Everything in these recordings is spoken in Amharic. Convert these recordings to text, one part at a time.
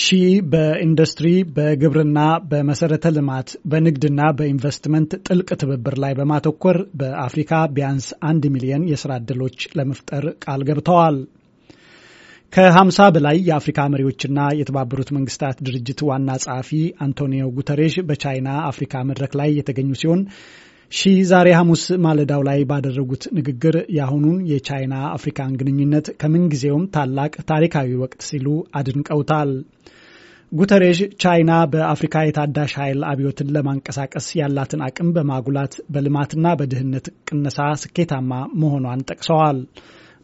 ሺ በኢንዱስትሪ በግብርና በመሰረተ ልማት በንግድና በኢንቨስትመንት ጥልቅ ትብብር ላይ በማተኮር በአፍሪካ ቢያንስ አንድ ሚሊዮን የስራ ዕድሎች ለመፍጠር ቃል ገብተዋል። ከ50 በላይ የአፍሪካ መሪዎችና የተባበሩት መንግስታት ድርጅት ዋና ጸሐፊ አንቶኒዮ ጉተሬሽ በቻይና አፍሪካ መድረክ ላይ የተገኙ ሲሆን ሺ ዛሬ ሐሙስ ማለዳው ላይ ባደረጉት ንግግር የአሁኑን የቻይና አፍሪካን ግንኙነት ከምንጊዜውም ታላቅ ታሪካዊ ወቅት ሲሉ አድንቀውታል። ጉተሬዥ ቻይና በአፍሪካ የታዳሽ ኃይል አብዮትን ለማንቀሳቀስ ያላትን አቅም በማጉላት በልማትና በድህነት ቅነሳ ስኬታማ መሆኗን ጠቅሰዋል።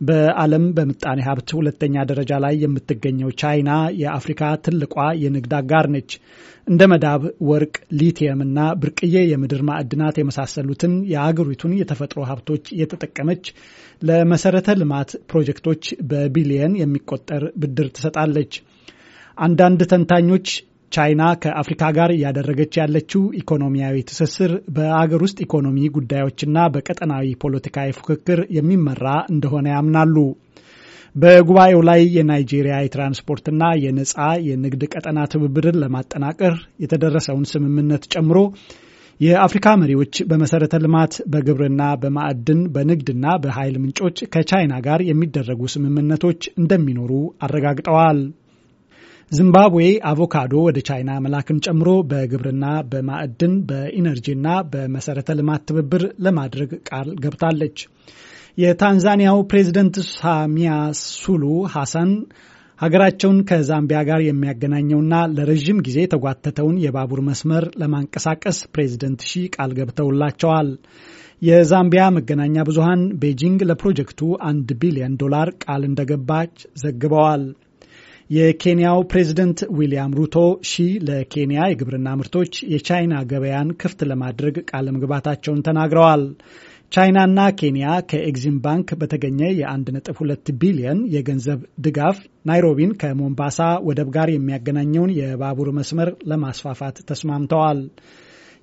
በዓለም በምጣኔ ሀብት ሁለተኛ ደረጃ ላይ የምትገኘው ቻይና የአፍሪካ ትልቋ የንግድ አጋር ነች። እንደ መዳብ፣ ወርቅ፣ ሊቲየም እና ብርቅዬ የምድር ማዕድናት የመሳሰሉትን የአገሪቱን የተፈጥሮ ሀብቶች እየተጠቀመች ለመሰረተ ልማት ፕሮጀክቶች በቢሊየን የሚቆጠር ብድር ትሰጣለች። አንዳንድ ተንታኞች ቻይና ከአፍሪካ ጋር እያደረገች ያለችው ኢኮኖሚያዊ ትስስር በአገር ውስጥ ኢኮኖሚ ጉዳዮችና በቀጠናዊ ፖለቲካዊ ፉክክር የሚመራ እንደሆነ ያምናሉ። በጉባኤው ላይ የናይጄሪያ የትራንስፖርትና የነፃ የንግድ ቀጠና ትብብርን ለማጠናቀር የተደረሰውን ስምምነት ጨምሮ የአፍሪካ መሪዎች በመሰረተ ልማት፣ በግብርና፣ በማዕድን፣ በንግድና በኃይል ምንጮች ከቻይና ጋር የሚደረጉ ስምምነቶች እንደሚኖሩ አረጋግጠዋል። ዚምባብዌ አቮካዶ ወደ ቻይና መላክን ጨምሮ በግብርና፣ በማዕድን፣ በኢነርጂና በመሰረተ ልማት ትብብር ለማድረግ ቃል ገብታለች። የታንዛኒያው ፕሬዚደንት ሳሚያ ሱሉ ሐሰን ሀገራቸውን ከዛምቢያ ጋር የሚያገናኘውና ለረዥም ጊዜ የተጓተተውን የባቡር መስመር ለማንቀሳቀስ ፕሬዚደንት ሺ ቃል ገብተውላቸዋል። የዛምቢያ መገናኛ ብዙሃን ቤጂንግ ለፕሮጀክቱ አንድ ቢሊዮን ዶላር ቃል እንደገባች ዘግበዋል። የኬንያው ፕሬዝደንት ዊሊያም ሩቶ ሺ ለኬንያ የግብርና ምርቶች የቻይና ገበያን ክፍት ለማድረግ ቃለ መግባታቸውን ተናግረዋል። ቻይናና ኬንያ ከኤግዚም ባንክ በተገኘ የ1.2 ቢሊየን የገንዘብ ድጋፍ ናይሮቢን ከሞምባሳ ወደብ ጋር የሚያገናኘውን የባቡር መስመር ለማስፋፋት ተስማምተዋል።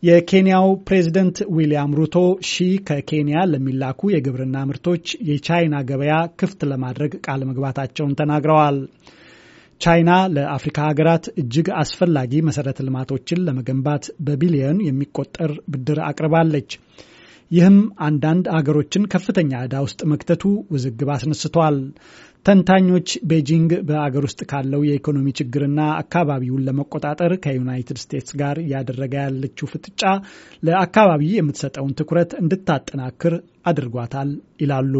የኬንያው ፕሬዝደንት ዊሊያም ሩቶ ሺ ከኬንያ ለሚላኩ የግብርና ምርቶች የቻይና ገበያ ክፍት ለማድረግ ቃለ መግባታቸውን ተናግረዋል። ቻይና ለአፍሪካ ሀገራት እጅግ አስፈላጊ መሰረተ ልማቶችን ለመገንባት በቢሊዮን የሚቆጠር ብድር አቅርባለች። ይህም አንዳንድ አገሮችን ከፍተኛ ዕዳ ውስጥ መክተቱ ውዝግብ አስነስቷል። ተንታኞች ቤጂንግ በአገር ውስጥ ካለው የኢኮኖሚ ችግርና አካባቢውን ለመቆጣጠር ከዩናይትድ ስቴትስ ጋር እያደረገ ያለችው ፍጥጫ ለአካባቢ የምትሰጠውን ትኩረት እንድታጠናክር አድርጓታል ይላሉ።